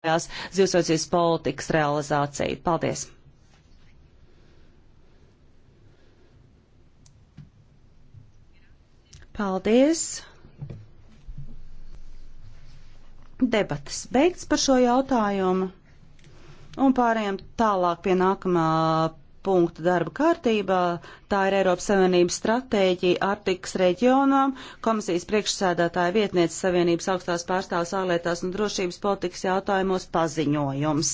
kopējās zivsaucīs politikas realizāciju. Paldies! Paldies! Debates beigts par šo jautājumu un pārējām tālāk pie nākamā punktu darba kārtībā. Tā ir Eiropas Savienības stratēģija Arktikas reģionām. Komisijas priekšsēdētāja vietniece Savienības augstās pārstāvs ārlietās un drošības politikas jautājumos paziņojums.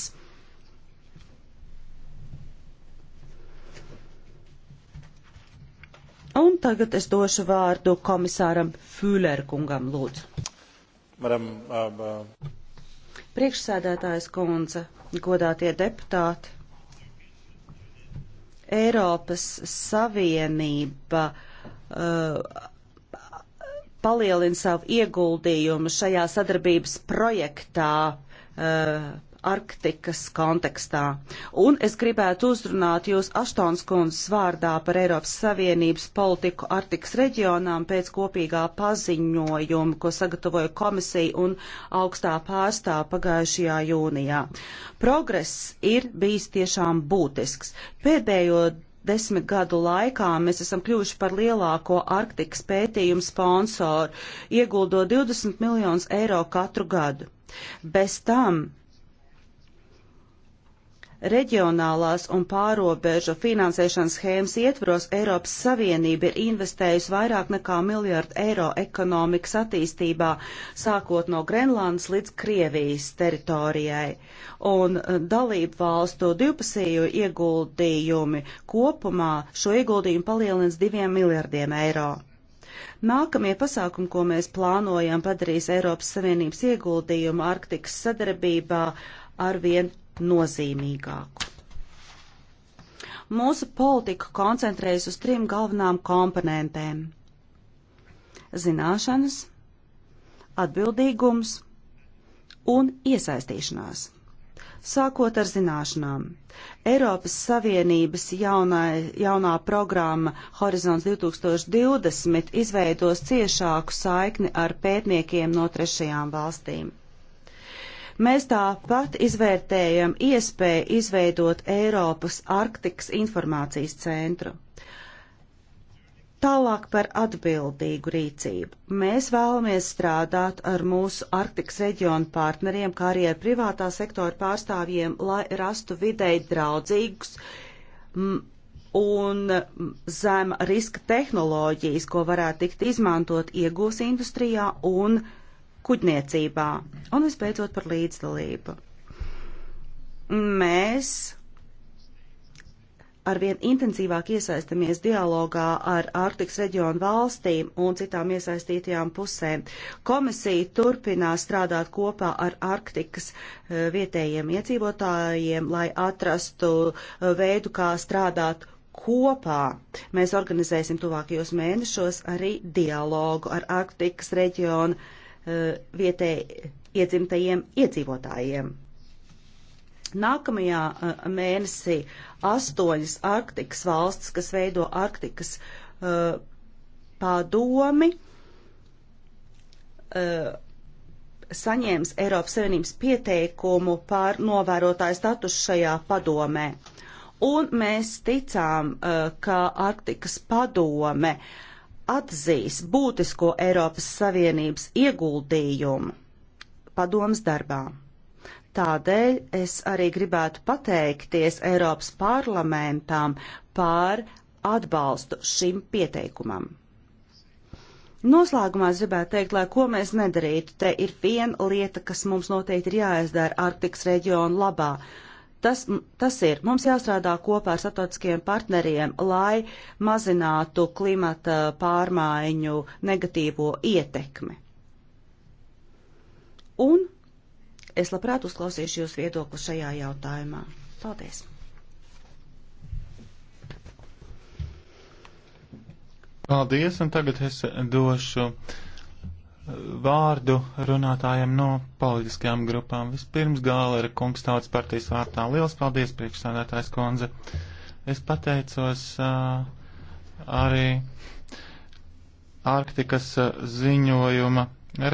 Un tagad es došu vārdu komisāram Fūlerkungam, lūdzu. Madam, uh, uh, Priekšsēdētājs kundze, godātie deputāti, Eiropas Savienība uh, palielina savu ieguldījumu šajā sadarbības projektā uh, Arktikas kontekstā. Un es gribētu uzrunāt jūs Aštons kundzes vārdā par Eiropas Savienības politiku Arktikas reģionām pēc kopīgā paziņojuma, ko sagatavoja komisija un augstā pārstā pagājušajā jūnijā. Progress ir bijis tiešām būtisks. Pēdējo desmit gadu laikā mēs esam kļuvuši par lielāko Arktikas pētījumu sponsoru, ieguldot 20 miljonus eiro katru gadu. Bez tam Reģionālās un pārobežu finansēšanas schēmas ietvaros Eiropas Savienība ir investējusi vairāk nekā miljardu eiro ekonomikas attīstībā, sākot no Grenlandes līdz Krievijas teritorijai. Un eh, dalību valstu divpusējo ieguldījumi kopumā šo ieguldījumu palielins diviem miljardiem eiro. Nākamie pasākumi, ko mēs plānojam, padarīs Eiropas Savienības ieguldījumu Arktikas sadarbībā arvien nozīmīgāku. Mūsu politika koncentrējas uz trim galvenām komponentēm - zināšanas, atbildīgums un iesaistīšanās. Sākot ar zināšanām, Eiropas Savienības jaunai, jaunā programma Horizons 2020 izveidos ciešāku saikni ar pētniekiem no trešajām valstīm. Mēs tāpat izvērtējam iespēju izveidot Eiropas Arktikas informācijas centru. Tālāk par atbildīgu rīcību. Mēs vēlamies strādāt ar mūsu Arktikas reģionu partneriem, kā arī ar privātā sektora pārstāvjiem, lai rastu videi draudzīgus un zema riska tehnoloģijas, ko varētu tikt izmantot iegūs industrijā un uh, kuģniecībā. Un visbeidzot par līdzdalību. Mēs arvien intensīvāk iesaistamies dialogā ar Arktikas reģionu valstīm un citām iesaistītajām pusēm. Komisija turpinās strādāt kopā ar Arktikas eh, vietējiem iedzīvotājiem, lai atrastu eh, veidu, kā strādāt kopā. Mēs organizēsim tuvākajos mēnešos arī dialogu ar Arktikas reģionu Uh, vietē iedzimtajiem iedzīvotājiem. Nākamajā uh, mēnesī astoņas Arktikas valsts, kas veido Arktikas uh, padomi, uh, saņēmis Eiropas Savienības pieteikumu par novērotāju statusu šajā padomē. Un mēs ticām, uh, ka Arktikas padome uh, atzīs būtisko Eiropas Savienības ieguldījumu padomas darbā. Tādēļ es arī gribētu pateikties Eiropas parlamentam par atbalstu šim pieteikumam. Noslēgumā es gribētu teikt, lai ko mēs nedarītu, te ir viena lieta, kas mums noteikti ir jāizdara Arktikas reģionu labā, Tas, tas ir, mums jāstrādā kopā ar starptautiskiem partneriem, lai mazinātu klimata pārmaiņu negatīvo ietekmi. Un es labprāt uzklausīšu jūs viedokli šajā jautājumā. Paldies! Paldies, un tagad es došu vārdu runātājiem no politiskajām grupām. Vispirms Gālera kungs tautas partijas vārtā. Liels paldies, priekšsādātājs Konze. Es pateicos uh, arī Arktikas ziņojuma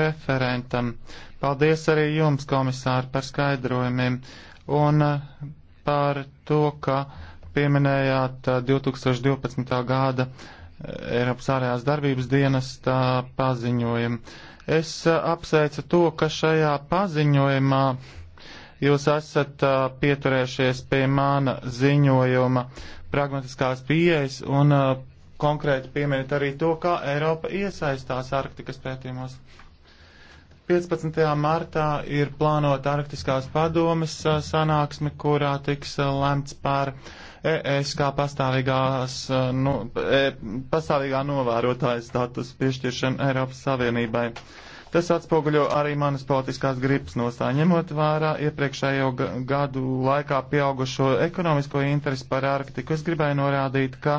referentam. Paldies arī jums, komisāri, par skaidrojumiem un uh, par to, ka pieminējāt uh, 2012. gada Eiropas ārējās darbības dienas tā paziņojumu. Es uh, apsveicu to, ka šajā paziņojumā jūs esat uh, pieturējušies pie mana ziņojuma pragmatiskās pieejas un uh, konkrēti pieminat arī to, kā Eiropa iesaistās Arktikas pētījumos. 15. martā ir plānota Arktiskās padomes sanāksme, kurā tiks lemts par ES kā pastāvīgās, nu, e, pastāvīgā novērotāja status piešķiršanu Eiropas Savienībai. Tas atspoguļo arī manas politiskās gribas nostāju, ņemot vērā iepriekšējo gadu laikā pieaugušo ekonomisko interesi par Arktiku. Es gribēju norādīt, ka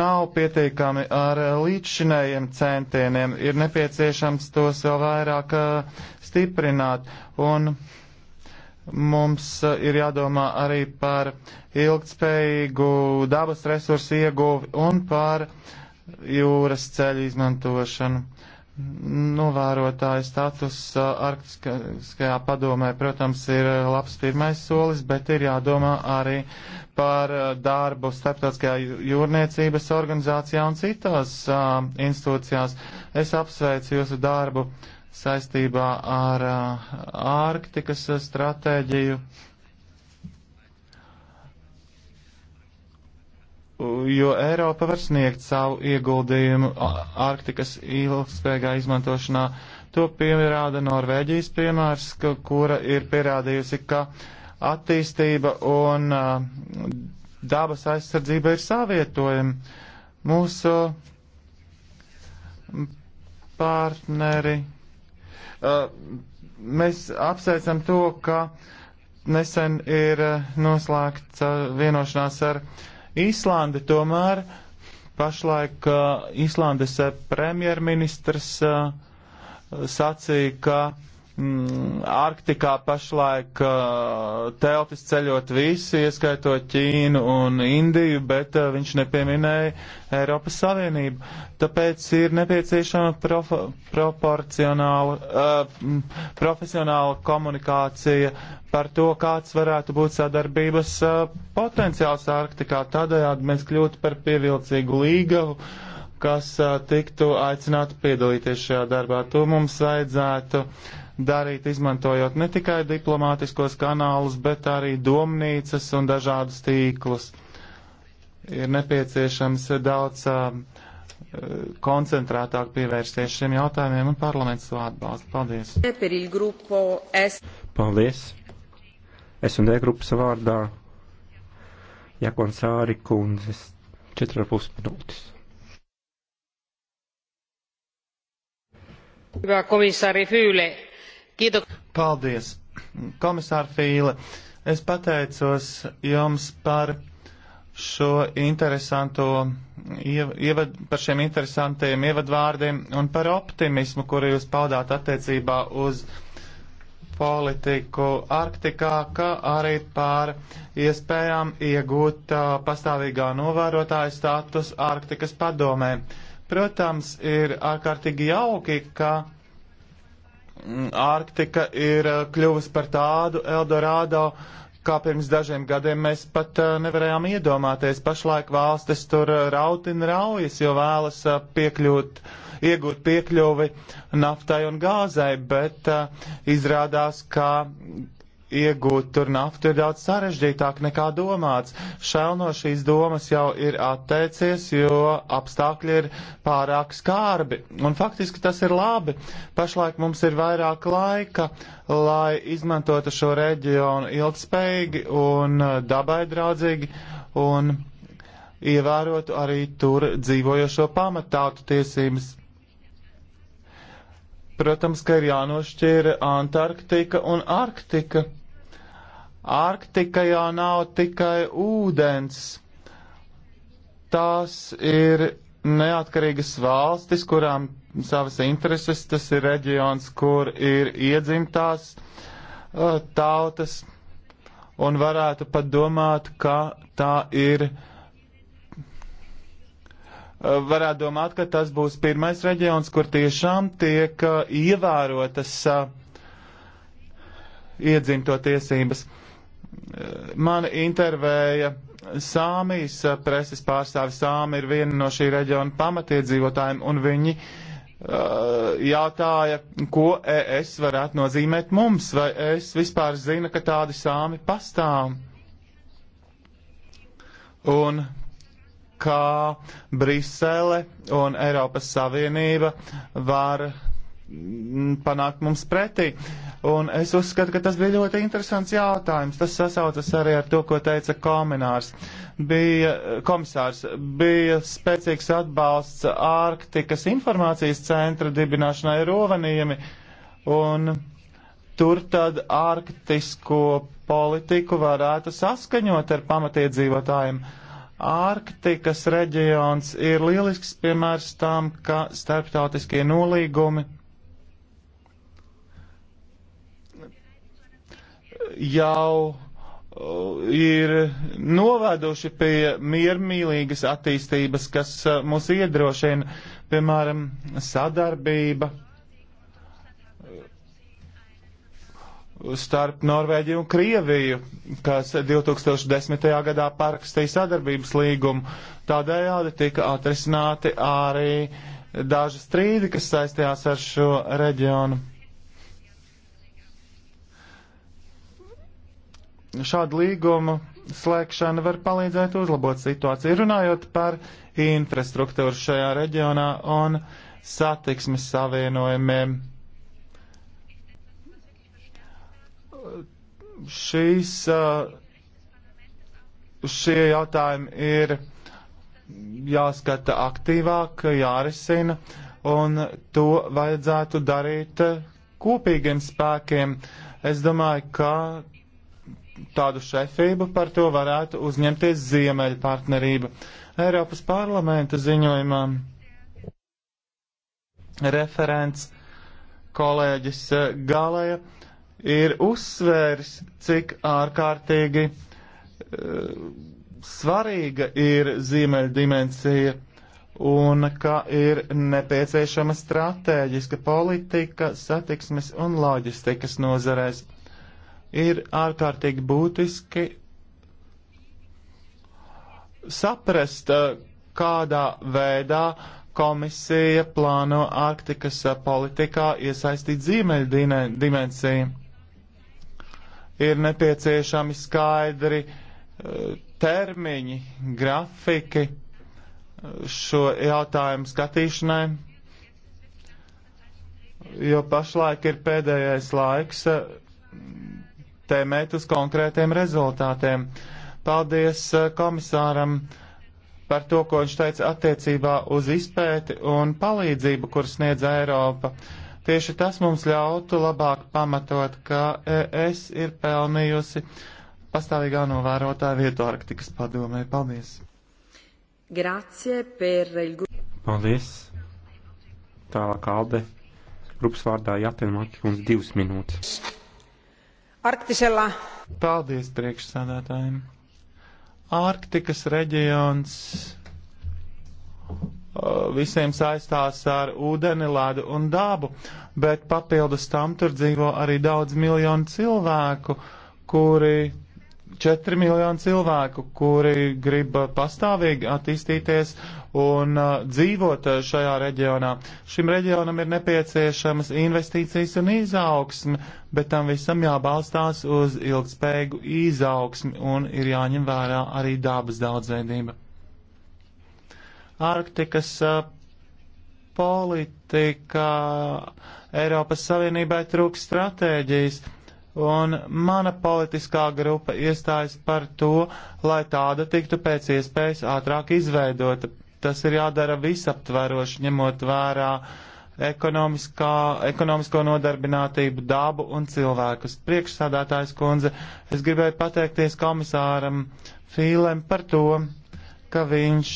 nav pietiekami ar līdzšinējiem centieniem, ir nepieciešams tos vēl vairāk stiprināt. Un mums ir jādomā arī par ilgtspējīgu dabas resursu ieguvi un par jūras ceļu izmantošanu novērotāja status uh, Arktiskajā padomē, protams, ir uh, labs pirmais solis, bet ir jādomā arī par uh, darbu starptautiskajā jūrniecības organizācijā un citās uh, institūcijās. Es apsveicu jūsu darbu saistībā ar uh, Ārktikas stratēģiju. Uh, jo Eiropa var sniegt savu ieguldījumu Arktikas ilgspējīgā izmantošanā. To pierāda Norvēģijas piemērs, ka, kura ir pierādījusi, ka attīstība un uh, dabas aizsardzība ir savietojama. Mūsu partneri. Uh, mēs apsveicam to, ka nesen ir noslēgts vienošanās ar uh, Īslande tomēr pašlaik Īslandes premjerministrs sacīja, ka mm, Arktikā pašlaik uh, teltis ceļot visi, ieskaitot Ķīnu un Indiju, bet uh, viņš nepieminēja Eiropas Savienību. Tāpēc ir nepieciešama profa, proporcionāla, uh, profesionāla komunikācija par to, kāds varētu būt sadarbības uh, potenciāls Arktikā. Tādējādi mēs kļūtu par pievilcīgu līgavu kas uh, tiktu aicināti piedalīties šajā darbā. To mums vajadzētu uh, darīt, izmantojot ne tikai diplomātiskos kanālus, bet arī domnīcas un dažādus tīklus. Ir nepieciešams daudz uh, koncentrētāk pievērsties šiem jautājumiem, un parlaments to atbalsta. Paldies! Paldies! Es un D grupas vārdā Jakons Āri kundzes 4,5 minūtes. Hyvä komissaari Fyyle, Paldies, komisāra Fīle. Es pateicos jums par šo interesanto, ievad, par šiem interesantiem ievadvārdiem un par optimismu, kuru jūs paudāt attiecībā uz politiku Arktikā, kā arī par iespējām iegūt uh, pastāvīgā novērotāja status Arktikas padomē. Protams, ir ārkārtīgi jauki, ka Ārktika ir eh, kļuvusi par tādu Eldorado, kā pirms dažiem gadiem mēs pat eh, nevarējām iedomāties. Pašlaik valstis tur eh, rautina raujas, jo vēlas piekļūt iegūt piekļuvi naftai un gāzai, bet uh, izrādās, ka iegūt tur naftu ir daudz sarežģītāk nekā domāts. Šēl no šīs domas jau ir atteicies, jo apstākļi ir pārāk skārbi. Un faktiski tas ir labi. Pašlaik mums ir vairāk laika, lai izmantotu šo reģionu ilgspējīgi un dabai draudzīgi un ievērotu arī tur dzīvojošo pamatātu tiesības. Protams, ka ir jānošķir Antarktika un Arktika Arktikajā nav tikai ūdens. Tās ir neatkarīgas valstis, kurām savas intereses, tas ir reģions, kur ir iedzimtās uh, tautas, un varētu pat domāt, ka tā ir, uh, varētu domāt, ka tas būs pirmais reģions, kur tiešām tiek uh, ievērotas uh, iedzimto tiesības mani intervēja Sāmijas eh, preses pārstāvis. Sāmi ir viena no šī reģiona pamatiedzīvotājiem, un viņi uh, jautāja, ko ES varētu nozīmēt mums, vai es vispār zinu, ka tādi sāmi pastāv. Un kā Brisele un Eiropas Savienība var Mm, panākt mums pretī. Un es uzskatu, ka tas bija ļoti interesants jautājums. Tas sasaucas arī ar to, ko teica kominārs. Bija, komisārs. Bija spēcīgs atbalsts Ārktikas informācijas centra dibināšanai Rovenījami. Un tur tad ārktisko politiku varētu saskaņot ar pamatiedzīvotājiem. Ārktikas reģions ir lielisks piemērs tam, ka starptautiskie nolīgumi jau uh, ir novēduši pie miermīlīgas attīstības, kas uh, mūs iedrošina, piemēram, sadarbība uh, starp Norvēģiju un Krieviju, kas 2010. gadā parakstīja sadarbības līgumu. Tādējādi tika atrisināti arī daži strīdi, kas saistījās ar šo reģionu. šāda līguma slēgšana var palīdzēt uzlabot situāciju, runājot par infrastruktūru šajā reģionā un satiksmes savienojumiem. Šīs, uh, šie jautājumi ir jāskata aktīvāk, jārisina, un to vajadzētu darīt kopīgiem spēkiem. Es domāju, ka tādu šefību par to varētu uzņemties Ziemeļa partnerība. Eiropas parlamenta ziņojumā referents kolēģis eh, Galēja ir uzsvērs, cik ārkārtīgi uh, svarīga ir Ziemeļa dimensija un ka ir nepieciešama stratēģiska politika satiksmes un loģistikas nozarēs ir ārkārtīgi būtiski saprast, eh, kādā veidā komisija plāno Arktikas eh, politikā iesaistīt ziemeļu dimensiju. Ir nepieciešami skaidri eh, termiņi, grafiki šo jautājumu skatīšanai, jo pašlaik ir pēdējais laiks tēmēt uz konkrētiem rezultātiem. Paldies eh, komisāram par to, ko viņš teica attiecībā uz izpēti un palīdzību, kur sniedz Eiropa. Tieši tas mums ļautu labāk pamatot, ka es ir pelnījusi pastāvīgā novērotāja vietu Arktikas padomē. Paldies! Grazie per il... Paldies! Tālāk Alde. Grupas vārdā jātenmāk jums divas minūtes arktisella. Paldies priekšsādātājiem. Arktikas reģions uh, visiem saistās ar ūdeni, ledu un dabu, bet papildus tam tur dzīvo arī daudz miljonu cilvēku, kuri 4 miljoni cilvēku, kuri grib pastāvīgi attīstīties un uh, dzīvot uh, šajā reģionā. Šim reģionam ir nepieciešamas investīcijas un izaugsme, bet tam visam jābalstās uz ilgspējīgu izaugsmi un ir jāņem vērā arī dabas daudzveidība. Arktikas uh, politika Eiropas Savienībai trūks stratēģijas. Un mana politiskā grupa iestājas par to, lai tāda tiktu pēc iespējas ātrāk izveidota tas ir jādara visaptveroši, ņemot vērā ekonomisko nodarbinātību, dabu un cilvēkus. Priekšsādātājs kundze, es gribēju pateikties komisāram Fīlēm par to, ka viņš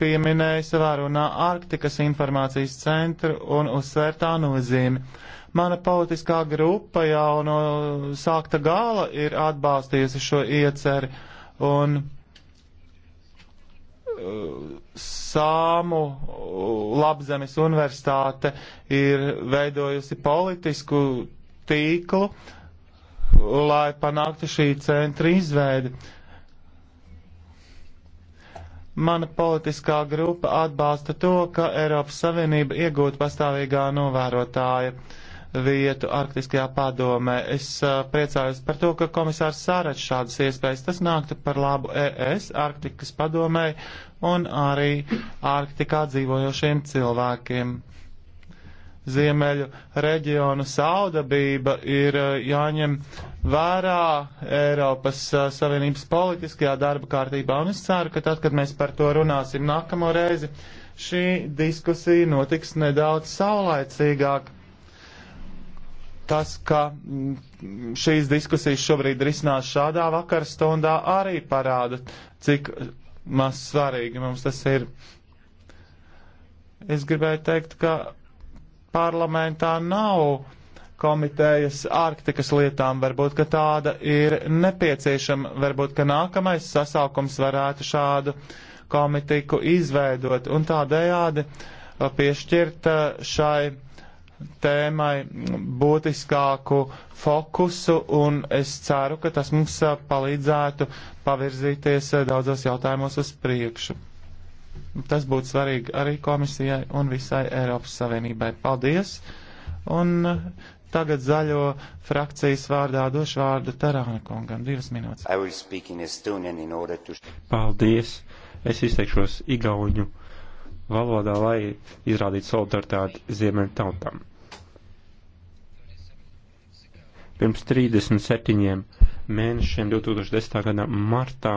pieminēja savā runā Ārktikas informācijas centru un uzsvērtā nozīmi. Mana politiskā grupa jau no sākta gala ir atbalstījusi šo ieceri un Eh, Sāmu eh, Labzemes universitāte ir veidojusi politisku tīklu, lai panāktu šī centra izveidi. Mana politiskā grupa atbalsta to, ka Eiropas Savienība iegūtu pastāvīgā novērotāja. Uh, vietu Arktiskajā padomē. Es priecājos par to, ka komisārs sārāds šādas iespējas. Tas nāktu par labu ES, Arktikas padomē un arī Arktikā dzīvojošiem cilvēkiem. Ziemeļu reģionu saudabība ir jāņem vērā Eiropas Savienības politiskajā darba kārtībā, un es ceru, ka tad, kad mēs par to runāsim nākamo reizi, šī diskusija notiks nedaudz saulaicīgāk Tas, ka mm, šīs diskusijas šobrīd risinās šādā vakarstundā, arī parāda, cik maz svarīgi mums tas ir. Es gribēju teikt, ka parlamentā nav komitejas ārktikas lietām, varbūt, ka tāda ir nepieciešama, varbūt, ka nākamais sasaukums varētu šādu komitiku izveidot un tādējādi piešķirt eh, šai tēmai būtiskāku fokusu, un es ceru, ka tas mums palīdzētu pavirzīties daudzos jautājumos uz priekšu. Tas būtu svarīgi arī komisijai un visai Eiropas Savienībai. Paldies! Un tagad zaļo frakcijas vārdā došu vārdu Tarāna kungam. Divas minūtes. To... Paldies! Es izteikšos igauņu valodā, lai izrādītu solidaritāti ziemeļu tautām. Pirms 37 mēnešiem 2010. gada martā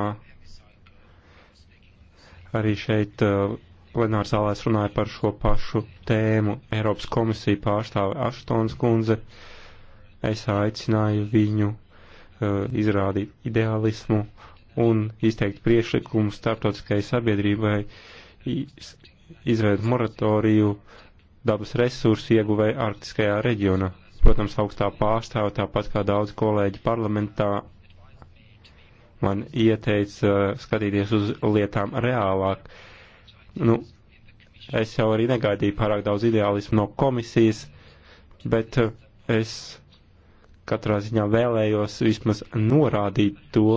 arī šeit uh, plenārsālē es runāju par šo pašu tēmu. Eiropas komisija pārstāve Aštons kundze. Es aicināju viņu uh, izrādīt ideālismu un izteikt priešlikumu starptautiskai sabiedrībai izveidu moratoriju dabas resursu ieguvēja Arktiskajā reģionā. Protams, augstā pārstāve, tāpat kā daudz kolēģi parlamentā, man ieteica uh, skatīties uz lietām reālāk. Nu, es jau arī negaidīju pārāk daudz ideālismu no komisijas, bet uh, es katrā ziņā vēlējos vismaz norādīt to,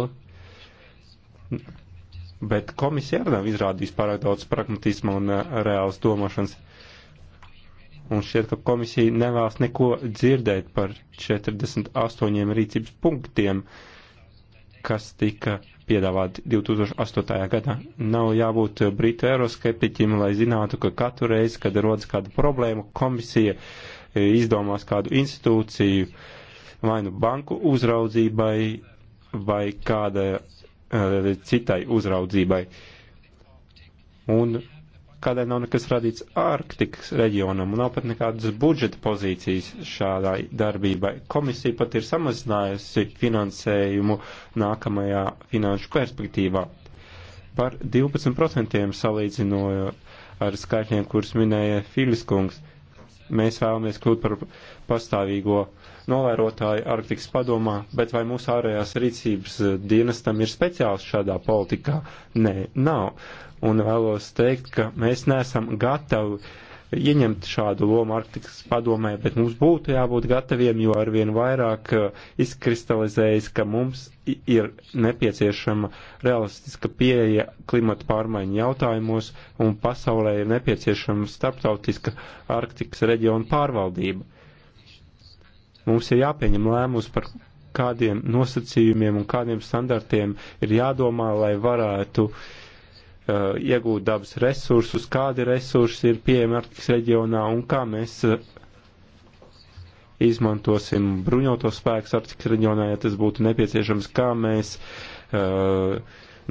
bet komisija arī nav izrādījusi pārāk daudz pragmatisma un uh, reālas domāšanas. Un šķiet, ka komisija nevēlas neko dzirdēt par 48 rīcības punktiem, kas tika piedāvāti 2008. gadā. Nav jābūt uh, brītu eiroskeptiķim, lai zinātu, ka katru reizi, kad rodas kāda problēma, komisija uh, izdomās kādu institūciju vai nu banku uzraudzībai vai kāda Eh, citai uzraudzībai. Un kādēļ nav nekas radīts Arktikas reģionam un nav pat nekādas budžeta pozīcijas šādai darbībai. Komisija pat ir samazinājusi finansējumu nākamajā finanšu perspektīvā par 12% salīdzinojot ar skaitļiem, kurus minēja Filiskungs. Mēs vēlamies kļūt par pastāvīgo uh, novērotāji Arktikas padomā, bet vai mūsu ārējās rīcības dienestam ir speciāls šādā politikā? Nē, nav. Un vēlos teikt, ka mēs neesam gatavi ieņemt šādu lomu Arktikas padomē, bet mums būtu jābūt gataviem, jo arvien vairāk uh, izkristalizējas, ka mums ir nepieciešama realistiska pieeja klimata pārmaiņu jautājumos un pasaulē ir nepieciešama starptautiska Arktikas reģiona pārvaldība. Mums ir jāpieņem lēmums par kādiem nosacījumiem un kādiem standartiem ir jādomā, lai varētu uh, iegūt dabas resursus, kādi resursi ir pieejami Arktikas reģionā un kā mēs uh, izmantosim bruņotos spēkus Arktikas reģionā, ja tas būtu nepieciešams, kā mēs uh,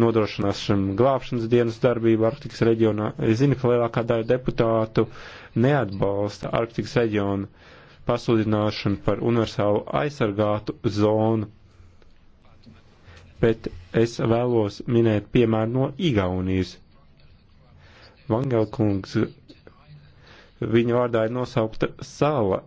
nodrošināsim glābšanas dienas darbību Arktikas reģionā. Es zinu, ka lielākā daļa deputātu neatbalsta Arktikas reģionu. Uh, pasludināšanu par universālu aizsargātu zonu, bet es vēlos minēt piemēru no Igaunijas. Vangelkungs, viņa vārdā ir nosaukta sala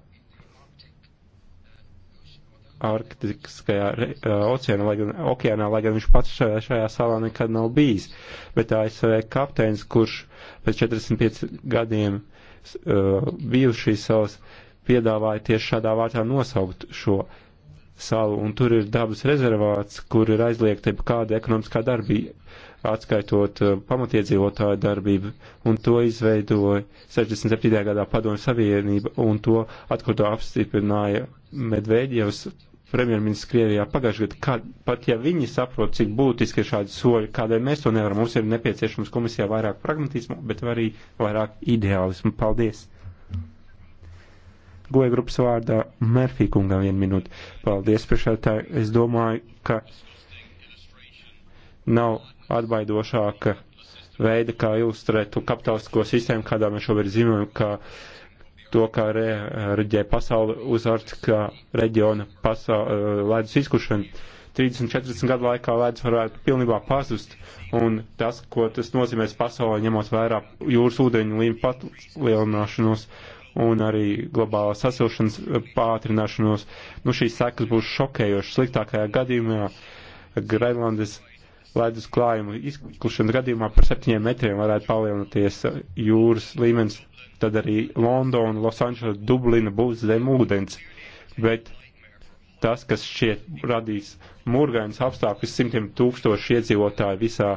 Arktiskajā uh, oceānā, lai gan, okeānā, lai gan viņš pats šajā, šajā salā nekad nav bijis. Bet ASV kapteinis, kurš pēc 45 gadiem uh, bijuši šīs salas, uh, piedāvāja tieši šādā vārtā nosaukt šo salu, un tur ir dabas rezervāts, kur ir aizliegta kāda ekonomiskā darbība, atskaitot eh, pamatiedzīvotāju darbību, un to izveidoja 67. gadā Padomju Savienība, un to atkal to apstiprināja Medvedjevs premjerministrs Krievijā pagājušajā gadā, kad pat ja viņi saprot, cik būtiski ir šādi soļi, kādēļ mēs to nevaram, mums ir nepieciešams komisijā vairāk pragmatismu, bet arī vairāk ideālismu. Paldies! Goja grupas vārdā Mērfī kungam vienu minūti. Paldies, priekšētāji. Es domāju, ka nav atbaidošāka veida, kā ilustrēt to kapitalistisko sistēmu, kādā mēs šobrīd zinām, kā to, kā reģē pasauli uz Arktika reģiona pasauli, eh, ledus izkušanu. 30-40 gadu laikā ledus varētu pilnībā pazust, un tas, ko tas nozīmēs pasaulē, ņemot vērā jūras ūdeņu līmeņu palielināšanos un arī globālā sasilšanas eh, pātrināšanos. Nu, šīs sekas būs šokējošas. Sliktākajā gadījumā Grenlandes ledus klājuma izklušanas gadījumā par septiņiem metriem varētu palielināties jūras līmenis. Tad arī Londona, Losandžela, Dublina būs zem ūdens. Bet tas, kas šķiet radīs murgainas apstākļus simtiem tūkstošu iedzīvotāju visā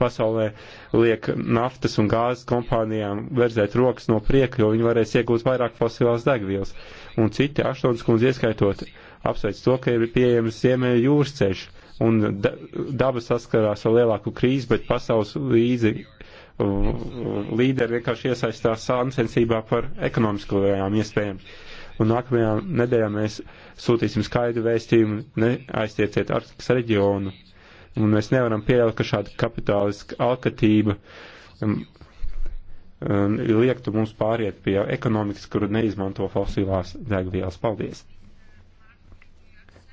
pasaulē, liek naftas un gāzes kompānijām verzēt rokas no prieka, jo viņi varēs iegūt vairāk fosilās degvielas. Un citi aštuonas kundze ieskaitot apsveic to, ka ir pieejams ziemeļu jūras ceļš, un daba saskarās ar lielāku krīzi, bet pasaules līdzi līderi vienkārši iesaistās sāncensībā par ekonomiskajām iespējām. Ja un nākamajā nedēļā mēs sūtīsim skaidru vēstījumu, neaiztieciet Arktikas reģionu. Un mēs nevaram pieļaut, ka šāda kapitāliska alkatība um, um, liektu mums pāriet pie ekonomikas, kuru neizmanto fosilās degvielas. Paldies!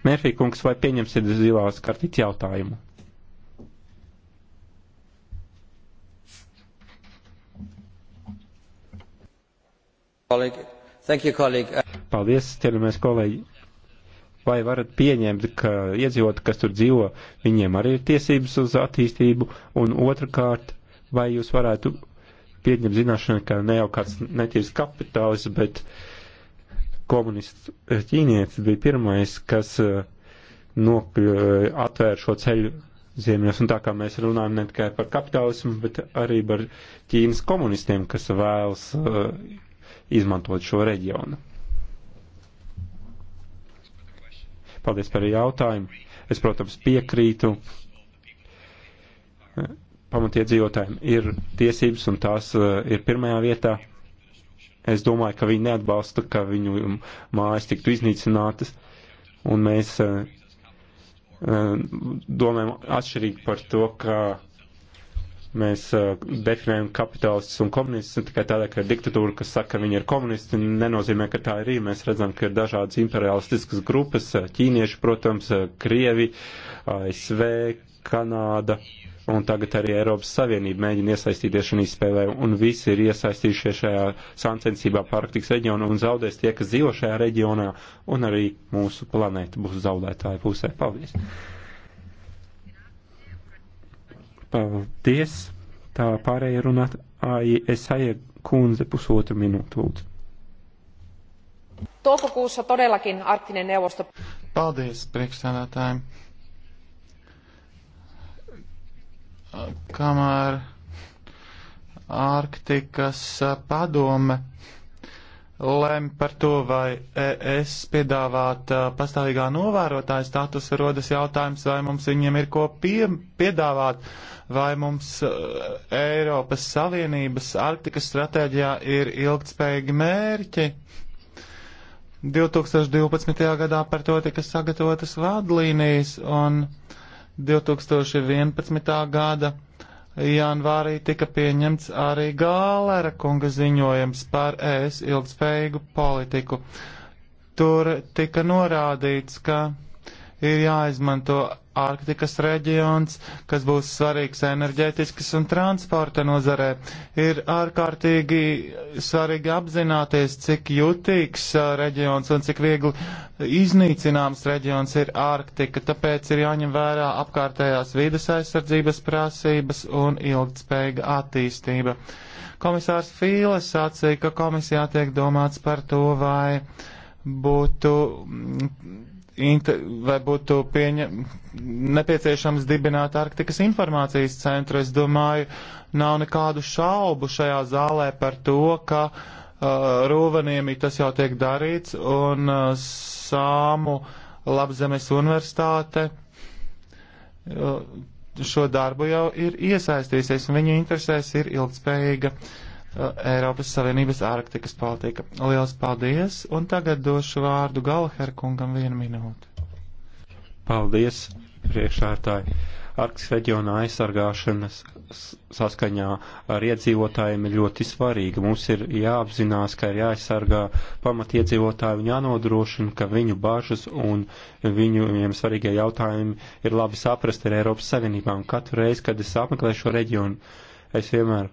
Mērfī kungs, vai pieņemsiet zilās kartītes jautājumu? Kolēģi, Thank you, colleague. Paldies, ķeramies kolēģi. Vai varat pieņemt, ka iedzīvotāji, kas tur dzīvo, viņiem arī ir tiesības uz attīstību? Un otrkārt, vai jūs varētu pieņemt zināšanu, ka ne jau kāds netīrs kapitālis, bet komunists eh, ķīnietis bija pirmais, kas eh, nokļu, atvēra šo ceļu ziemļos, un tā kā mēs runājam ne tikai par kapitālismu, bet arī par Ķīnas komunistiem, kas vēlas uh, izmantot šo reģionu. Paldies par jautājumu. Es, protams, piekrītu pamatiedzīvotājiem ir tiesības un tās eh, ir pirmajā vietā. Es domāju, ka viņi neatbalsta, ka viņu mājas tiktu iznīcinātas, un mēs eh, eh, domājam atšķirīgi par to, ka Mēs uh, definējam kapitālistus un komunistus tikai tādēļ, ka ir diktatūra, kas saka, ka viņi ir komunisti, nenozīmē, ka tā ir arī. Mēs redzam, ka ir dažādas imperialistiskas grupas, uh, ķīnieši, protams, uh, Krievi, ASV, Kanāda, un tagad arī Eiropas Savienība mēģina iesaistīties šajā spēlē, un visi ir iesaistījušies šajā sāncensībā pārtiks reģionu, un zaudēs tie, kas dzīvo šajā reģionā, un arī mūsu planēta būs zaudētāja pusē. Paldies! Paldies! Tā pārējie runāt AISAIE kundze pusotru minūtu lūdzu. Toukokuussa todellakin arktinen neuvosto. Paldies priekšsēdētājiem. Kamēr Arktikas padome lem par to, vai es piedāvāt uh, pastāvīgā novērotāja statusa rodas jautājums, vai mums viņiem ir ko pie, piedāvāt, vai mums uh, Eiropas Savienības Arktikas stratēģijā ir ilgtspējīgi mērķi. 2012. gadā par to tika sagatavotas vadlīnijas, un 2011. gada janvārī tika pieņemts arī Gālera kunga ziņojums par ES ilgspējīgu politiku. Tur tika norādīts, ka ir jāizmanto Ārktikas reģions, kas būs svarīgs enerģētiskas un transporta nozarē, ir ārkārtīgi svarīgi apzināties, cik jutīgs reģions un cik viegli iznīcināms reģions ir Ārktika. Tāpēc ir jāņem vērā apkārtējās vides aizsardzības prasības un ilgtspējīga attīstība. Komisārs Fīles sacīja, ka komisijā tiek domāts par to, vai būtu vai būtu pieņem, nepieciešams dibināt Arktikas informācijas centru. Es domāju, nav nekādu šaubu šajā zālē par to, ka uh, Rūvaniem tas jau tiek darīts un uh, Sāmu Labzemes universitāte uh, šo darbu jau ir iesaistīsies un viņu interesēs ir ilgspējīga uh, Uh, Eiropas Savienības ārktikas politika. Lielas paldies, un tagad došu vārdu Galaher kungam vienu minūti. Paldies, priekšētāji. Arktis reģiona aizsargāšanas saskaņā ar iedzīvotājiem ir ļoti svarīga. Mums ir jāapzinās, ka ir jāaizsargā pamatiedzīvotāji un jānodrošina, ka viņu bāžas un viņiem svarīgie jautājumi ir labi saprast ar Eiropas Savienībām. Katru reizi, kad es apmeklēju šo reģionu, es vienmēr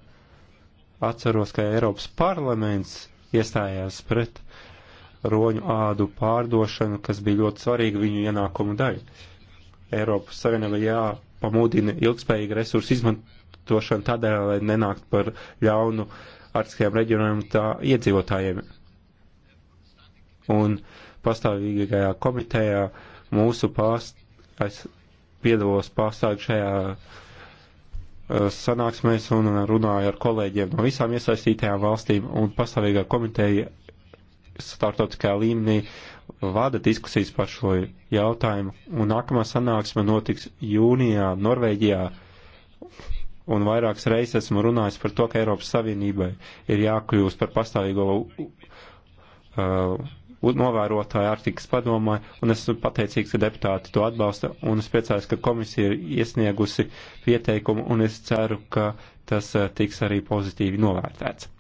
Atceros, ka Eiropas parlaments iestājās pret roņu ādu pārdošanu, kas bija ļoti svarīga viņu ienākumu daļa. Eiropas Savienība jāpamudina ilgspējīgu resursu izmantošanu tādēļ, lai nenākt par ļaunu arktiskajiem reģioniem tā iedzīvotājiem. Un pastāvīgajā komitejā mūsu pārstāvis piedalos pārstāvis šajā sanāksmēs un runāju ar kolēģiem no visām iesaistītajām valstīm un pastāvīgā komiteja startautiskajā līmenī vada diskusijas par šo jautājumu. Un nākamā sanāksme notiks jūnijā Norvēģijā. Un vairākas reizes esmu runājis par to, ka Eiropas Savienībai ir jākļūst par pastāvīgo uh, novērotāji Arktikas padomā, un es esmu pateicīgs, ka deputāti to atbalsta, un es priecājos, ka komisija ir iesniegusi pieteikumu, un es ceru, ka tas eh, tiks arī pozitīvi novērtēts.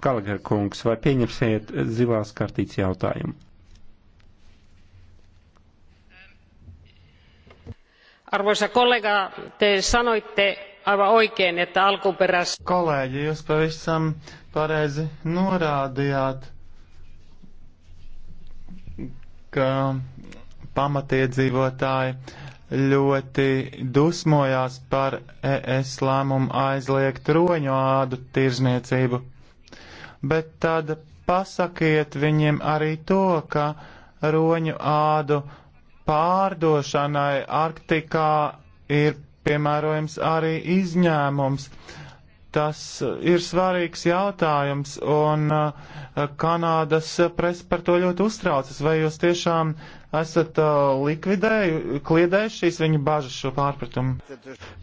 Kalagar kungs, vai pieņemsiet zilās kartītes jautājumu? Arvoisa kollega, te sanoitte aivan oikein, että alkuperäis... Kolēģi, jūs pavisam pareizi norādījāt, ka pamatiedzīvotāji ļoti dusmojās par ES lēmumu aizliegt roņu ādu tirzniecību. Bet tad pasakiet viņiem arī to, ka roņu ādu pārdošanai Arktikā ir piemērojams arī izņēmums. Tas uh, ir svarīgs jautājums, un uh, Kanādas presa par to ļoti uztraucas. Vai jūs tiešām esat uh, likvidēju, kliedējuši šīs viņa bažas šo pārpratumu?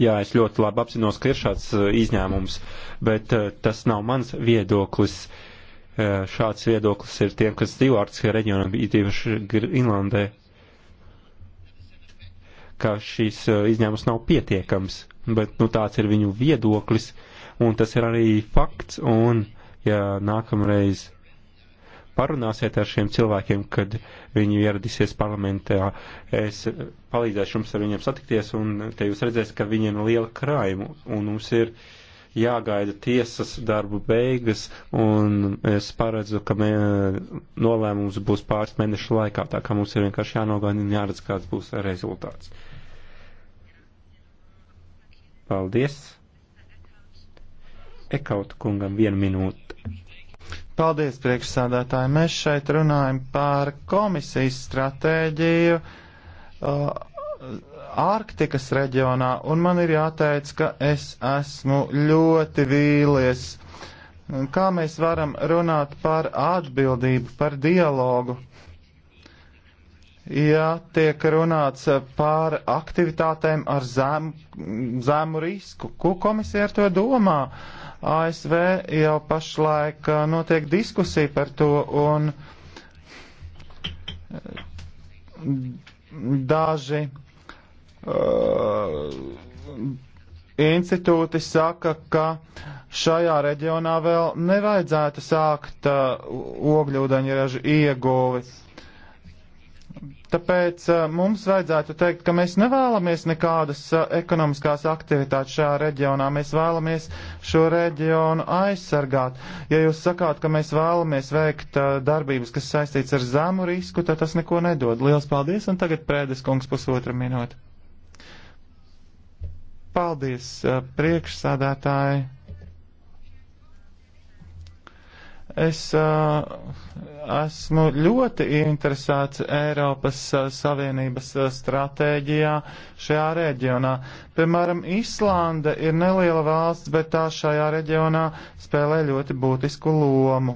Jā, es ļoti labi apzinos, ka ir šāds izņēmums, bet tas nav mans viedoklis šāds viedoklis ir tiem, kas dzīvo Arktiskajā reģionā, īpaši Grinlandē ka šīs uh, izņēmums nav pietiekams, bet nu, tāds ir viņu viedoklis, un tas ir arī fakts, un ja nākamreiz parunāsiet ar šiem cilvēkiem, kad viņi ieradīsies parlamentā, es palīdzēšu jums ar viņiem satikties, un te jūs redzēsiet, ka viņiem ir liela krājuma, un mums ir jāgaida tiesas darbu beigas, un es paredzu, ka mē, nolēmums būs pāris mēnešu laikā, tā kā mums ir vienkārši jānogaida un jāredz, kāds būs rezultāts. Paldies! Ekaut kungam vienu minūti. Paldies, priekšsādātāji. Mēs šeit runājam par komisijas stratēģiju uh, Ārktikas reģionā, un man ir jāteic, ka es esmu ļoti vīlies. Kā mēs varam runāt par atbildību, par dialogu? Uh, ja tiek runāts par aktivitātēm ar zem, zemu risku. Ko komisija ar to domā? ASV jau pašlaik uh, notiek diskusija par to un uh, daži uh, institūti saka, ka šajā reģionā vēl nevajadzētu sākt uh, ogļūdeņraža ieguvis Tāpēc eh, mums vajadzētu teikt, ka mēs nevēlamies nekādas eh, ekonomiskās aktivitātes šajā reģionā. Mēs vēlamies šo reģionu aizsargāt. Ja jūs sakāt, ka mēs vēlamies veikt eh, darbības, kas saistīts ar zemu risku, tad tas neko nedod. Lielas paldies, un tagad prēdes kungs pusotra minūte. Paldies, priekšsādātāji! Es uh, esmu ļoti interesēts Eiropas uh, Savienības uh, stratēģijā šajā reģionā. Piemēram, Islanda ir neliela valsts, bet tā šajā reģionā spēlē ļoti būtisku lomu.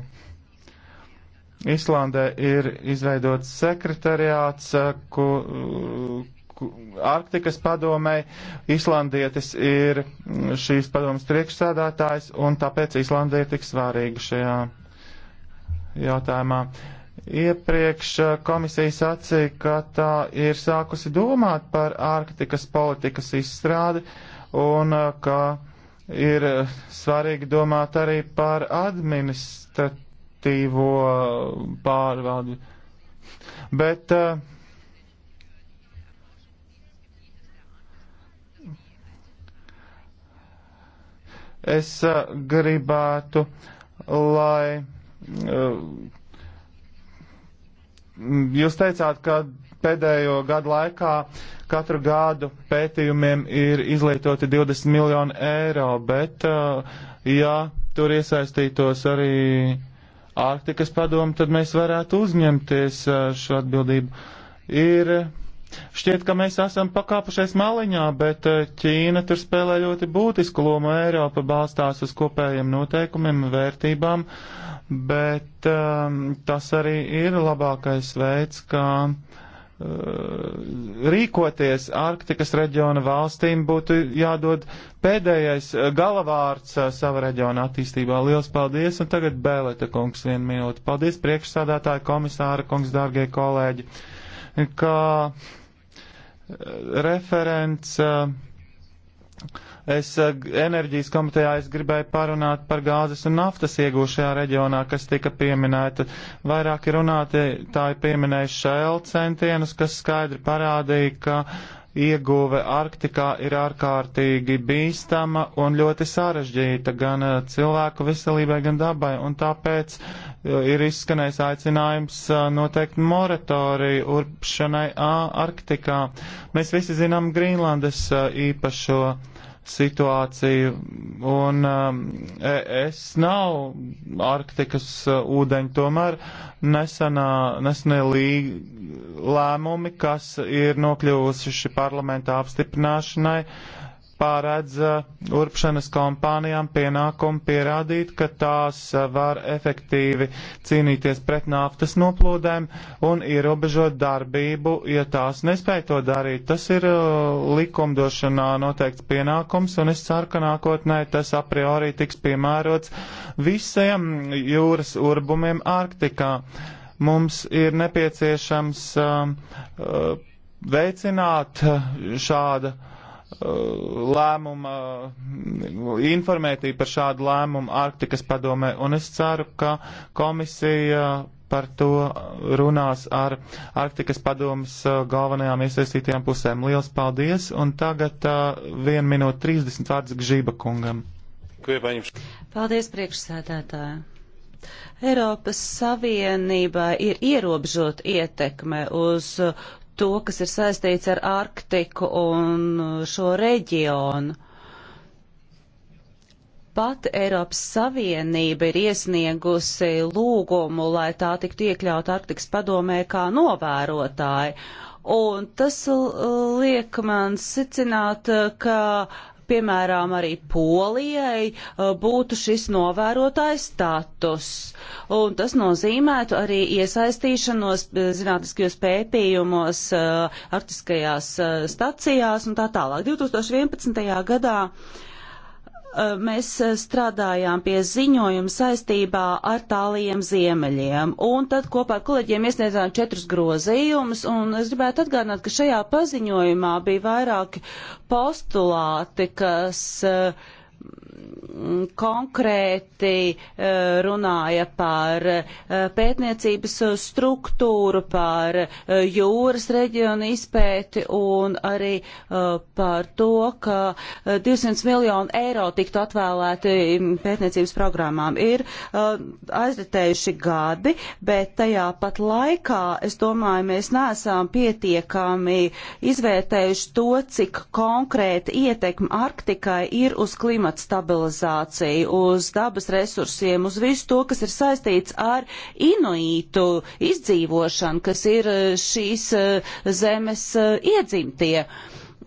Islandē ir izveidots sekretariāts, ku, Arktikas padomei. Islandietis ir šīs padomas priekšsēdētājs, un tāpēc Islandija ir tik svarīga šajā jautājumā. Iepriekš eh, komisija sacīja, ka tā ir sākusi domāt par ārkārtikas politikas izstrādi un eh, ka ir eh, svarīgi domāt arī par administratīvo pārvaldi. Bet uh, es gribētu, lai Jūs teicāt, ka pēdējo gadu laikā katru gadu pētījumiem ir izlietoti 20 miljoni eiro, bet ja tur iesaistītos arī Ārtikas padomu, tad mēs varētu uzņemties šo atbildību. Ir Šķiet, ka mēs esam pakāpušies maliņā, bet eh, Ķīna tur spēlē ļoti būtisku lomu. Eiropa balstās uz kopējiem noteikumiem, vērtībām, bet um, tas arī ir labākais veids, kā uh, rīkoties Arktikas reģiona valstīm būtu jādod pēdējais eh, galavārds sava reģiona attīstībā. Lielas paldies, un tagad Bēleta kungs vienu minūti. Paldies priekšsādātāju komisāra kungs, dārgie kolēģi, ka uh, referents. Eh, es eh, enerģijas komitejā es gribēju parunāt par gāzes un naftas iegūšajā reģionā, kas tika pieminēta. Vairāki runātāji pieminēja šēl centienus, kas skaidri parādīja, ka ieguve Arktikā ir ārkārtīgi bīstama un ļoti sarežģīta gan eh, cilvēku veselībai, gan dabai, un tāpēc eh, ir izskanējis aicinājums eh, noteikt moratoriju urpšanai Arktikā. Mēs visi zinām Grīnlandes īpašo situāciju, un um, e, es nav Arktikas uh, ūdeņi, tomēr nesanā, nesanie lēmumi, kas ir nokļuvusi šī parlamentā apstiprināšanai, uh, pārēdz uh, urpšanas kompānijām pienākumu pierādīt, ka tās uh, var efektīvi cīnīties pret naftas noplūdēm un ierobežot darbību, ja tās nespēja to darīt. Tas ir uh, likumdošanā noteikts pienākums, un es ceru, ka nākotnē tas a priori tiks piemērots visiem jūras urbumiem Ārktikā. Mums ir nepieciešams uh, veicināt šāda uh, lēmuma, informētību par šādu lēmumu Arktikas padomē, un es ceru, ka komisija par to runās ar Arktikas padomas uh, galvenajām iesaistītajām pusēm. Liels paldies, un tagad uh, 1 minūte 30 vārds Gžība kungam. Paldies, priekšsēdētāji. Eiropas Savienībā ir ierobežota ietekme uz to, kas ir saistīts ar Arktiku un šo reģionu. Pat Eiropas Savienība ir iesniegusi lūgumu, lai tā tiktu iekļaut Arktikas padomē kā novērotāji. Un tas uh, liek man secināt, uh, ka piemēram, arī Polijai uh, būtu šis novērotājs status. Un tas nozīmētu arī iesaistīšanos uh, zinātniskajos pētījumos, uh, arktiskajās stacijās un tā tālāk. 2011. gadā Eh, mēs eh, strādājām pie ziņojuma saistībā ar tāliem ziemeļiem, un tad kopā ar kolēģiem iesniedzām četrus grozījumus, un es gribētu atgādināt, ka šajā paziņojumā bija vairāki postulāti, kas uh, konkrēti eh, runāja par eh, pētniecības struktūru, par eh, jūras reģionu izpēti un arī par to, ka 200 miljonu eiro tiktu atvēlēti pētniecības programmām. Ir aizritējuši gadi, bet tajā pat laikā, es domāju, mēs neesam pietiekami izvērtējuši to, cik konkrēti ietekme Arktikai ir uz klimata stabilitāti stabilizāciju, uz dabas resursiem, uz visu to, kas ir saistīts ar inuītu izdzīvošanu, kas ir eh, šīs eh, zemes eh, iedzimtie.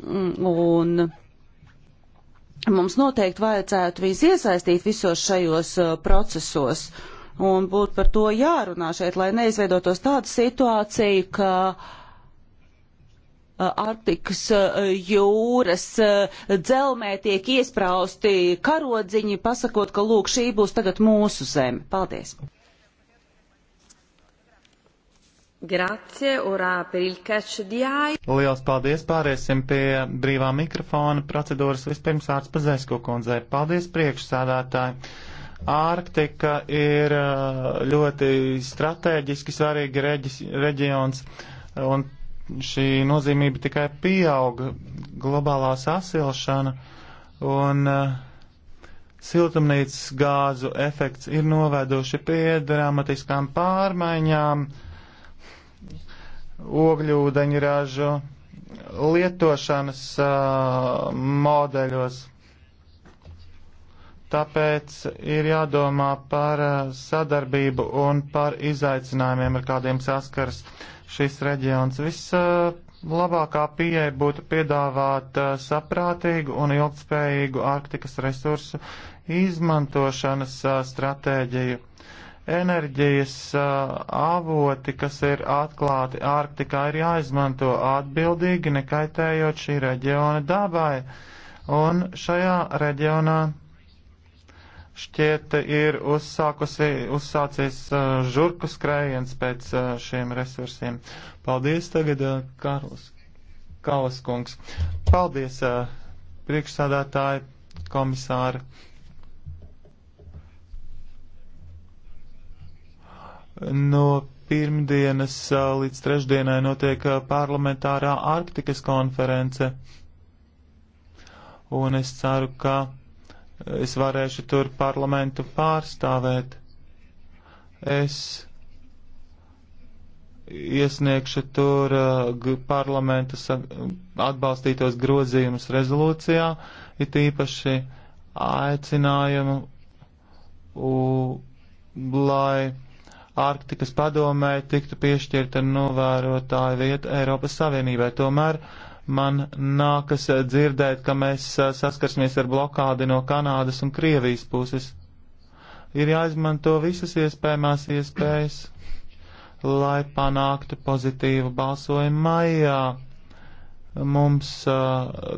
Mm, un mums noteikti vajadzētu viņus iesaistīt visos šajos procesos un būtu par to jārunā šeit, lai neizveidotos tāda situācija, ka uh, Arktikas jūras dzelmē tiek iesprausti karodziņi, pasakot, ka lūk, šī būs tagad mūsu zeme. Paldies! Grazie, urā per il catch di AI. Lielas paldies, pāriesim pie brīvā mikrofona procedūras. Vispirms vārds pa Zesko kundzei. Paldies, priekšsādātāji! Ārktika ir ļoti strateģiski svarīgi reģis, reģions un šī nozīmība tikai pieauga, globālā sasilšana un uh, siltumnīcas gāzu efekts ir noveduši pie dramatiskām pārmaiņām ogļūdeņražu lietošanas uh, modeļos. Tāpēc ir jādomā par eh, sadarbību un par izaicinājumiem, ar kādiem saskars šis reģions. Vislabākā eh, pieeja būtu piedāvāt eh, saprātīgu un ilgspējīgu Arktikas resursu izmantošanas stratēģiju enerģijas avoti, kas ir atklāti Ārktikā, ir jāizmanto atbildīgi, nekaitējot šī reģiona dabai. Un šajā reģionā šķiet ir uzsākusi, uzsācies uh, žurku skrējiens pēc uh, šiem resursiem. Paldies tagad, uh, Kārlis Kalaskungs. Paldies, uh, priekšsādātāji, komisāri. No pirmdienas uh, līdz trešdienai notiek uh, parlamentārā Arktikas konference. Un es ceru, ka es varēšu tur parlamentu pārstāvēt. Es iesniegšu tur uh, parlamentu atbalstītos grozījumus rezolūcijā, it īpaši aicinājumu, lai Ārktikas padomē tiktu piešķirta novērotāja vieta Eiropas Savienībai. Tomēr uh, man nākas eh, dzirdēt, ka mēs eh, saskarsimies ar blokādi no Kanādas un Krievijas puses. Ir jāizmanto visas iespējamās iespējas, lai panāktu pozitīvu balsojumu maijā. Mums, eh,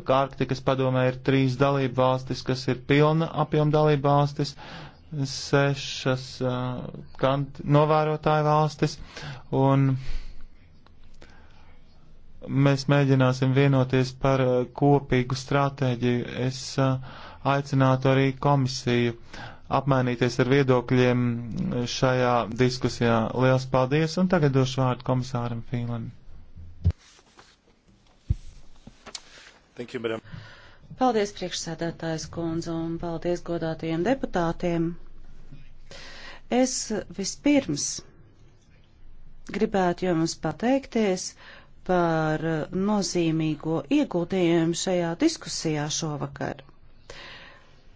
kā Arktikas padomē, ir trīs dalība valstis, kas ir pilna apjoma dalība valstis, sešas novērotājvalstis, un mēs mēģināsim vienoties par eh, kopīgu stratēģiju. Es eh, aicinātu arī komisiju apmainīties ar viedokļiem eh, šajā diskusijā. Lielas paldies, un tagad došu vārdu komisāram Fīlam. Paldies, priekšsēdētājs kundze, un paldies godātajiem deputātiem. Es vispirms gribētu jums pateikties, uh, par uh, nozīmīgo ieguldījumu šajā diskusijā šovakar.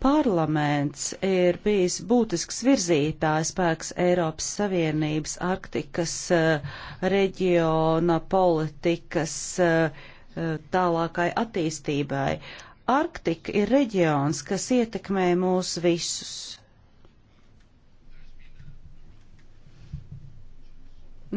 Parlaments ir bijis būtisks virzītājs spēks Eiropas Savienības Arktikas uh, reģiona politikas uh, tālākai attīstībai. Arktika ir reģions, kas ietekmē mūs visus.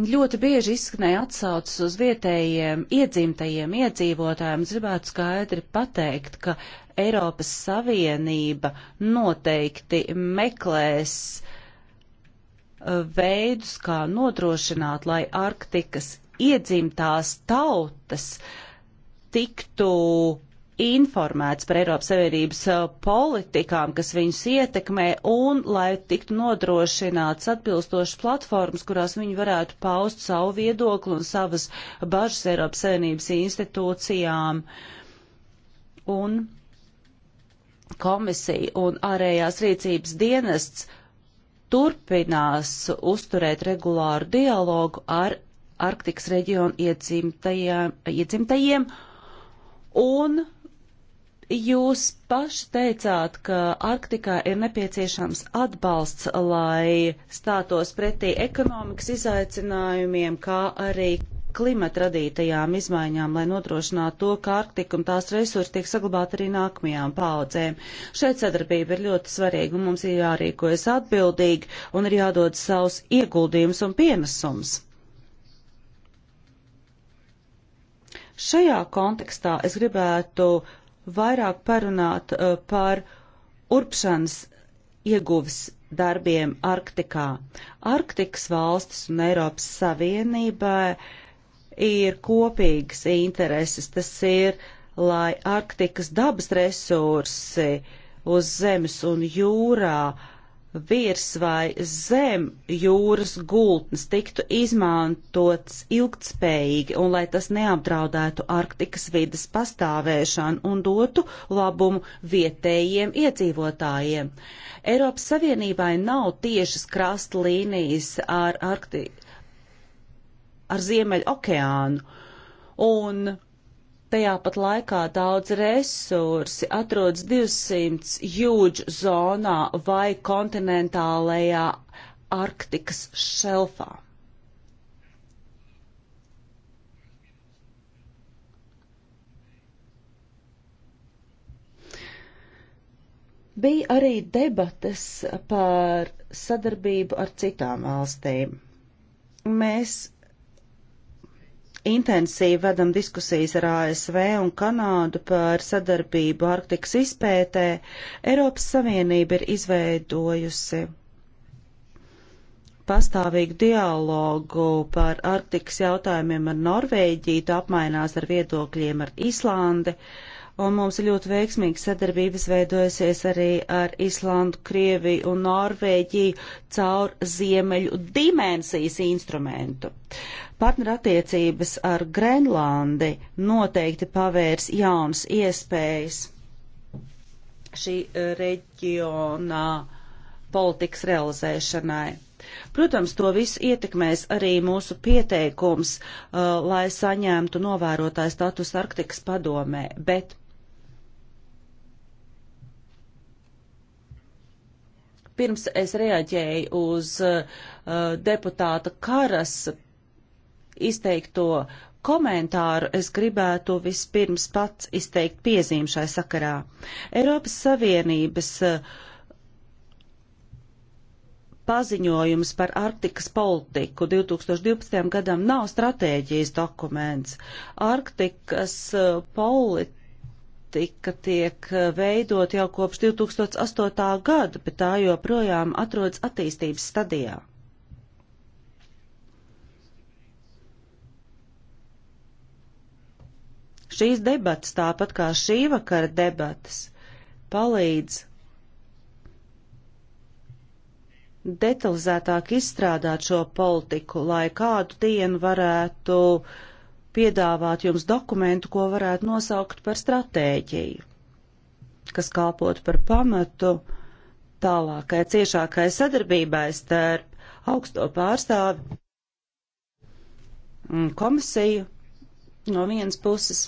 Ļoti bieži izskanēja atsaucas uz vietējiem iedzimtajiem iedzīvotājiem. Es gribētu skaidri pateikt, ka Eiropas Savienība noteikti meklēs eh, veidus, kā nodrošināt, lai Arktikas iedzimtās tautas tiktu informēts par Eiropas Savienības uh, politikām, kas viņus ietekmē, un lai tiktu nodrošināts atbilstošas platformas, kurās viņi varētu paust savu viedokli un savas bažas Eiropas Savienības institūcijām. Un komisija un ārējās rīcības dienests turpinās uzturēt regulāru dialogu ar Arktikas reģionu iedzimtajiem, iedzimtajiem un Jūs paši teicāt, ka Arktikā ir nepieciešams atbalsts, lai stātos pretī ekonomikas izaicinājumiem, kā arī klimata radītajām izmaiņām, lai nodrošinātu to, ka Arktika un tās resursi tiek saglabāti arī nākamajām paudzēm. Šeit sadarbība ir ļoti svarīga, un mums ir jārīkojas atbildīgi un ir jādod savus ieguldījumus un pienesums. Šajā kontekstā es gribētu uh, vairāk parunāt uh, par urpšanas ieguvis darbiem Arktikā. Arktikas valstis un Eiropas Savienībai ir kopīgas intereses. Tas ir, lai Arktikas dabas resursi uz zemes un jūrā uh, virs vai zem jūras gultnes tiktu izmantots ilgtspējīgi un lai tas neapdraudētu Arktikas vidas pastāvēšanu un dotu labumu vietējiem iedzīvotājiem. Eiropas Savienībai nav tiešas krasta līnijas ar Arktiku, ar Ziemeļu okeānu. Un Tajā pat laikā daudz resursi atrodas 200 jūdžu zonā vai kontinentālajā Arktikas šelfā. Bija arī debates par sadarbību ar citām valstīm. Mēs intensīvi vedam diskusijas ar ASV un Kanādu par sadarbību Arktikas izpētē, Eiropas Savienība ir izveidojusi pastāvīgu dialogu par Arktikas jautājumiem ar Norvēģiju, apmainās ar viedokļiem ar Islandi. Uh, un mums ir ļoti veiksmīga sadarbības veidojusies arī ar Islandu, Krieviju un Norvēģiju caur ziemeļu dimensijas instrumentu. Partnerattiecības ar Grenlandi noteikti pavērs jaunas iespējas šī e, reģionā politikas realizēšanai. Protams, to visu ietekmēs arī mūsu pieteikums, uh, lai saņemtu novērotāju statusu Arktikas padomē, bet Pirms es reaģēju uz uh, deputāta Karas izteikto komentāru es gribētu vispirms pats izteikt piezīmi šai sakarā. Eiropas Savienības uh, paziņojums par Arktikas politiku 2012. gadam nav stratēģijas dokuments. Arktikas uh, politika politika tiek eh, veidot jau kopš 2008. gada, bet tā joprojām atrodas attīstības stadijā. Šīs debatas, tāpat kā šī vakara debatas, palīdz detalizētāk izstrādāt šo politiku, lai kādu dienu varētu uh, piedāvāt jums dokumentu, ko varētu nosaukt par stratēģiju, kas kalpot par pamatu tālākai ciešākai sadarbībai starp augsto pārstāvi un komisiju no vienas puses.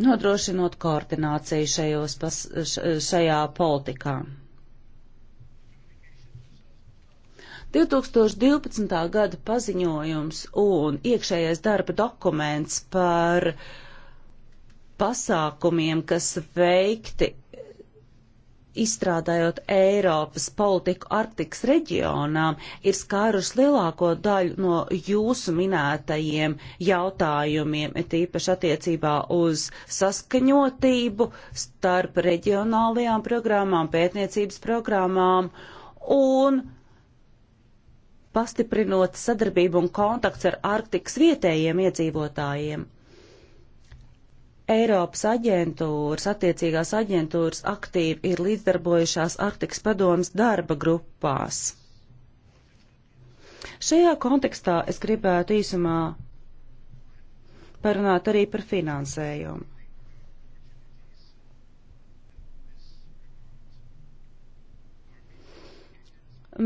Nodrošinot koordināciju šajos, pas, šajā politikā. 2012. gada paziņojums un iekšējais darba dokuments par pasākumiem, kas veikti izstrādājot Eiropas politiku Arktikas reģionām, ir skāruši lielāko daļu no jūsu minētajiem jautājumiem, tīpaši attiecībā uz saskaņotību starp reģionālajām programmām, pētniecības programmām un pastiprinot sadarbību un kontakts ar Arktikas vietējiem iedzīvotājiem. Eiropas aģentūras, attiecīgās aģentūras aktīvi ir līdzdarbojušās Arktikas padomas darba grupās. Šajā kontekstā es gribētu īsumā parunāt arī par finansējumu.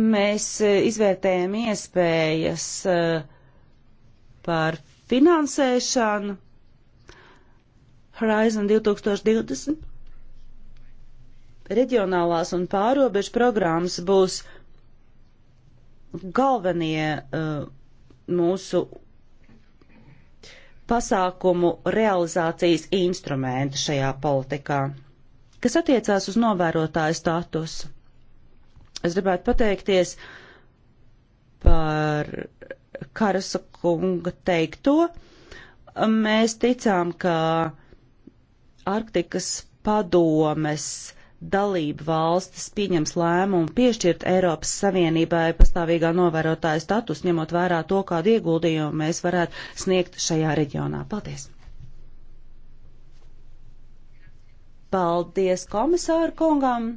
mēs e, izvērtējam iespējas e, par finansēšanu Horizon 2020. Reģionālās un pārobežu programmas būs galvenie uh, mūsu pasākumu realizācijas instrumenti šajā politikā, kas attiecās uz novērotāju statusu. Es gribētu pateikties par Karasa kunga teikto. Mēs ticām, ka Arktikas padomes dalību valstis pieņems lēmumu piešķirt Eiropas Savienībai pastāvīgā novērotāja status, ņemot vērā to, kādu ieguldījumu mēs varētu sniegt šajā reģionā. Paldies! Paldies komisāru kungam!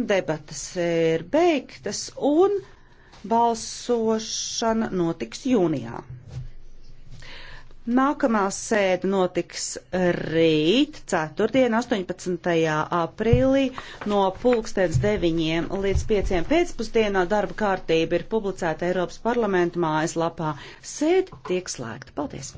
Debatas ir beigtas un balsošana notiks jūnijā. Nākamā sēde notiks rīt, ceturtdien, 18. aprīlī, no pulkstens 9 līdz 5 pēcpusdienā darba kārtība ir publicēta Eiropas parlamenta mājaslapā. Sēde tiek slēgta. Paldies!